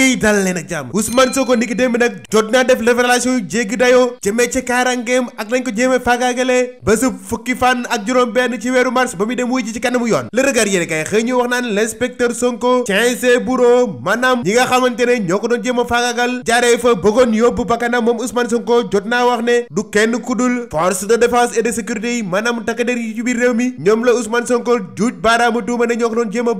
mbokk yi dal leen ak jàmm Ousmane Sonko niki démb nag jot naa def révélation yu jéggi dayoo jëmee ci kaaraangeem ak lañ ko jéemee faagaagalee ba su fukki fan ak juróom benn ci weeru mars ba muy dem wuy ci kanamu yoon le regard Sonko a faagaagal jaaree jot naa wax ne du kenn kudul force de défense et de sécurité yi maanaam takk yi ci réew mi ñoom la Ousmane Sonko juuj baaraamu tuuma ñoo ko doon jéem a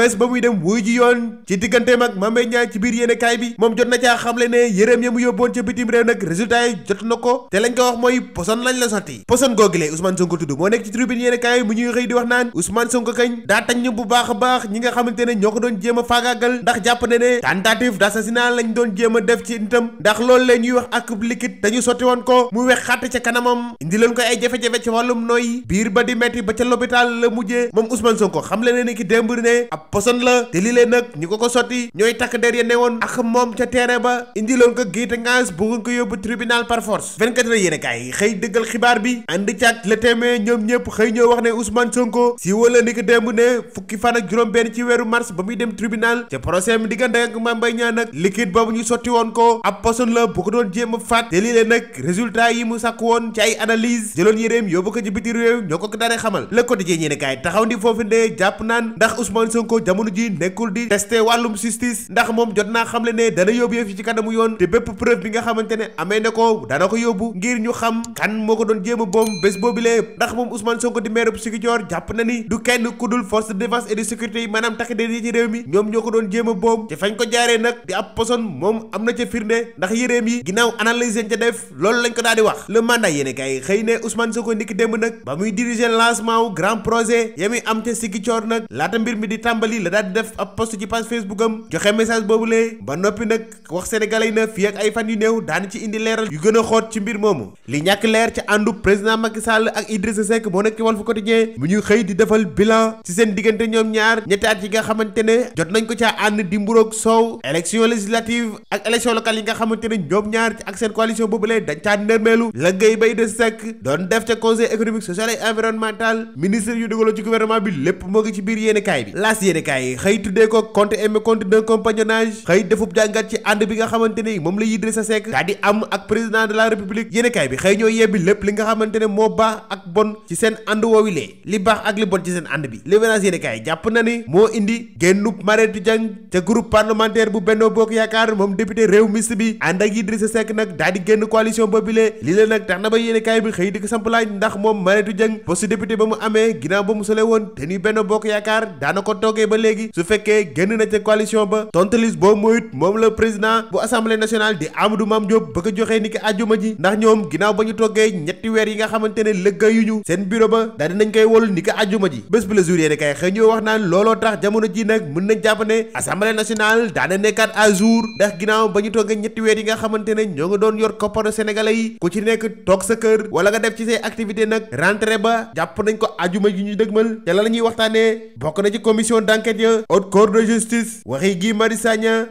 bés ba muy dem wuy yoon ci digganteem ak Mame Ndiaye ci biir yéene kaay bi moom jot na caa xamle ne yëreem ya mu yóbboon ca bitim réew nag résultat yi jot na ko te lañ ko wax mooy poson lañ la sotti poson googilee Ousmane Sonko tudd moo nekk bu baax a baax ñi nga xamante ne ñoo ko doon jéem a ndax jàpp ne ne tentative d'assassinat lañ doon jéem a def ci nitam ndax loolu la ñuy wax ak liquide dañu sotti woon ko mu wex xàtt ca kanamam indi leen ay jafe-jafe ci wàllum nooy biir ba di metti ba ca l'hôpital newoon ak moom ca terrain ba indiloon ko géita ngaas bëggoon ko yóbbu tribunal par force 24 heures yéen a kaay xëy dëggal xibaar bi ànd caag le témoin ñoom ñëpp xëy ñoo wax ne Ousmane Sonko si wala ni ko démb ne fukki fan ak juróom-benn ci weeru mars ba muy dem tribunal ca procès mi diggante ak Mame Mbaye Niang nag liquide boobu ñu sotti woon ko ab poison la bu ko doon jéem a faat te lii leen nag résultat yi mu sàkk woon ci ay analyse jëloon yéreem yóbbu ko ci biti réew ñoo ko ko daanee xamal Le Quotidien yéen a kaay taxaw ndi foofu ne jàpp naan ndax Ousmane Sonko jamono ji nekkul di testé wàllum justice ndax moom moom jot naa xamle ne dana yóbbu yëf yi ci kanamu yoon te bépp preuve bi nga xamante ne amee na ko dana ko yóbbu ngir ñu xam kan moo ko doon jéem a boom bés boobilee ndax moom Ousmane Sonko di maire bu Ziguinchor jàpp na ni du kenn ku dul force de défense et de sécurité yi maanaam takk der yi ci réew mi ñoom ñoo ko doon jéem boom te fañ ko jaaree nag di ab poson moom am na ca firnde ndax yëréem yi ginnaaw analyse ca def loolu lañ ko daal di wax le mandat yéene kay xëy ne Ousmane Sonko niki démb nag la daal di def ab post ci page Facebook am joxe boobu woowulee ba noppi nag wax sénégalais na fii ak ay fan yu néew daan ci indi leeral yu gën a xóot ci mbir moomu li ñàkk leer ci àndu président Macky Sall ak Idrissa Seck moo nekk ci Walf Quotidien mu ñuy xëy di defal bilan ci seen diggante ñoom ñaar ñetti yi nga xamante jot nañ ko caa ànd di mburoog soow élection législative ak élection locale yi nga xamante ñoom ñaar ak seen coalition boobulee dañ caa nërmeelu la ngay bay de Seck doon def ca conseil parrainage xëy defub jàngat ci ànd bi nga xamante ne moom la Idrissa Seck daa di am ak président de la république yéenekaay bi xëy ñoo yebbi lépp li nga xamante ne moo baax ak bon ci seen ànd woowilee li baax ak li bon ci seen ànd bi L'Évidence yéenekaay jàpp na ni moo indi génnub Marietu Dieng ca groupe parlementaire bu Benno Bokk Yaakaar moom député réew mist bi ànd ak Idrissa Seck nag daa génn coalition boobilee li la nag tax na ba yéenekaay bi xëy di ko samp laaj ndax moom Marietu Dieng poste député ba mu amee ginnaaw ba mu sole woon te ñuy Benno Bokk Yaakaar boo moyut moom la président bu assemblée nationale di Amadou Mame Diop bëgg a joxe ni ki àjjuma ji ndax ñoom ginnaaw ba ñu toggee ñetti weer yi nga xamante ne liggéeyuñu seen bureau ba daal dinañ koy wol ni ki àjjuma ji bés bi la jour yéene kay xëy wax naan looloo tax jamono ji nag mën nañ jàpp assemblée nationale daana nekkaat à jour ndax ginnaaw ba ñu toggee ñetti weer yi nga xamante ñoo nga doon yor kopparu sénégalais yi ku ci nekk toog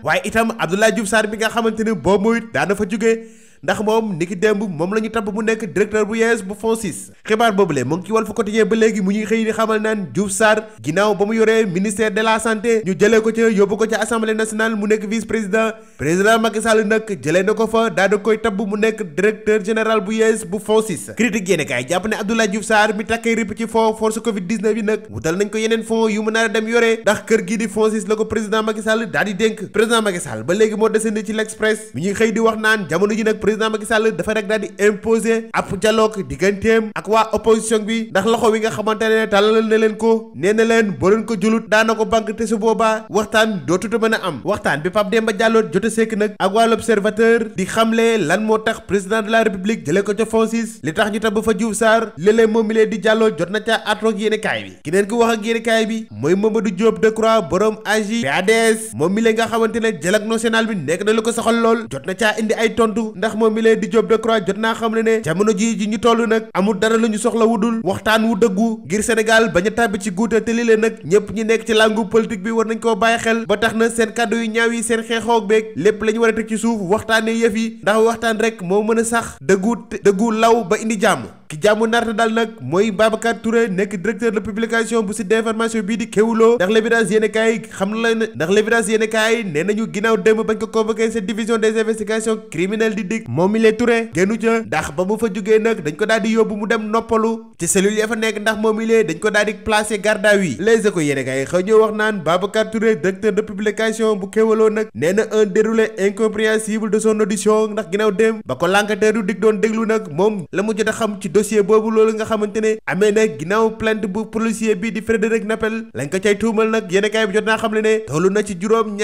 waaye itam Abdoulaye Diouf Sarr bi nga xamante ne boo moyut daana fa jógee ndax moom niki démb moom la ñu tabb mu nekk directeur bu yees bu FONSIS xibaar boobule mu ngi ci Walf Quotidien ba léegi mu ñuy xëy di xamal naan Diouf Sarr ginnaaw ba mu yoree ministère de la santé ñu jëlee ko ca yóbbu ko ca assemblée nationale mu nekk vice président président Macky Sall nag na ko fa daal koy tabb mu nekk directeur général bu yees bu FONSIS critique yéene kaay jàpp ne Abdoulaye Diouf Sarr mi takkee ripp ci fond force Covid 19 yi nag wutal nañ président Macky Sall dafa rek daal di imposer ab dialogue digganteem ak waa opposition bi ndax loxo wi nga xamante ne na leen ko nee leen boo leen ko julut daana banque te su boobaa waxtaan dootuta mën a am waxtaan bi Pape Demba Diallo jot a sekk nag ak waa l'observateur di xamle lan moo tax président de la république jëlee ko ca Francis li tax ñu tabb fa Diouf Sarr léeg-léeg moom mi leen di Diallo jot na ca aatroog yéene bi keneen moom mi lee di Diop Decroix jot naa xam ne ne jamono ji ji ñu toll nag amul dara lu ñu soxla wudul waxtaan wu dëggu ngir Sénégal ba a tàbbi ci guuta te li leen nag ñëpp ñi nekk ci làngu politique bi war nañ koo bàyyi xel ba tax na seen kàddu yu ñaaw yi seen xeexoog beeg lépp la ñu war a teg ci suuf waxtaanee yëf yi ndax waxtaan rek moo mën a sax dëggu dëggu law ba indi jàmm ki jaamu narta daal nag mooy Babacar Touré nekk directeur de publication bu site d'information bii di Kéwoulo ndax l'évidence yéen kaay xam la ne ndax l'évidence yéen nee nañu ginnaaw dem bañ ko convoqué cette division des investigations criminelles di dig moom mi lee Touré génnu ca ndax ba mu fa jógee nag dañ ko daal di yóbbu mu dem noppalu ci cellule ya fa nekk ndax moom ilee dañ ko daal di placé garde à vue Les xëy ñoo wax naan Babacar Touré directeur de bu Kéwoulo nag nee na un déroulé incompréhensible de son audition ndax ginnaaw dem ba ko l'enquêteur du dig doon déglu nag moom la mu jot a xam ci dossier boobu loolu nga xamante ne amee nag ginnaaw plainte bu policier bi di Frédéric Napel lañ ko cay tuumal nag yéene bi jot naa xam le ne toll na ci juróom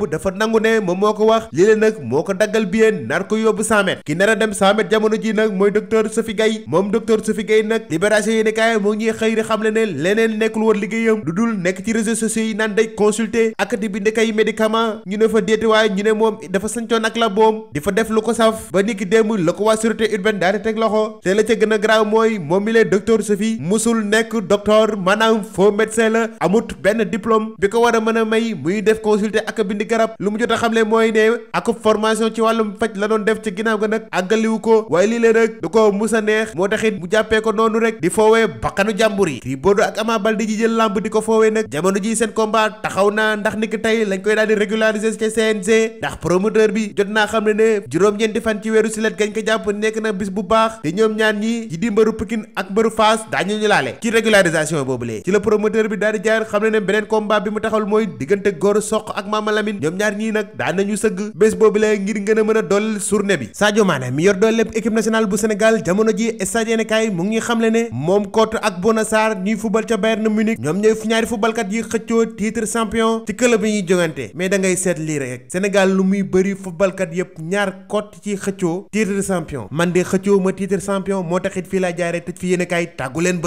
a démb dafa nangu ne moom moo ko wax lii la nag moo ko daggal biyeen nar ko yóbbu 100 ki nar a dem 100 jamono ji nag mooy docteur Sophie Gaye moom docteur Sophie Gaye nag libération yéeni kaay moo ngi xëy di xamle leneen nekkul woon liggéeyam lu dul nekk ci réseaux sociaux yi naan day consulter ak di bind kay médicament ñu ne fa déete waaye ñu ne moom dafa sancoon ak la boom di fa def lu ko saf ba niki démb la ko waa sûreté urbaine daal di teg loxo te a a a garab lu mu jot a xamle mooy ne ak formation ci wàllum faj la doon def ci ginnaaw ga nag àggaliwu ko waaye lii leen rek da ko musa neex moo taxit mu jàppee ko noonu rek di foowee bakkanu jàmbur yi Gris Bordeaux ak Ama Baldé ji jël làmb di ko foowee nag jamono ji seen combat taxaw na ndax niki tey lañ koy daal di régulariser ci CNG ndax promoteur bi jot naa xam ne ne juróom-ñeenti fan ci weeru silet gañ ko jàpp nekk na bis bu baax te ñoom ñaan ñi ji di mbaru Pikine ak mbaru Fass daañu ñu laale ci régularisation boobulee ci la promoteur daal di jaar xam ne ne beneen combat bi mu taxawal mooy diggante Gora Sock tamit ñoom ñaar ñii nag daan nañu sëgg bés boobu la ngir gën a mën a doll journée bi Sadio Mané mi yor doole équipe nationale bu Sénégal jamono ji stade yenekaay mu ngi xamle ne moom Cote ak Bouna Sarr ñuy fubal ca Bayern Munich ñoom ñooy ñaari fubalkat yi xëccoo titre champion ci club yi ñuy jongante mais da ngay seet lii rek Sénégal lu muy bëri fubalkat yépp ñaar Cote ci xëccoo titre champion man de xëccoo ma titre champion moo taxit fii laa jaaree tëj fi yenekaay tàggu leen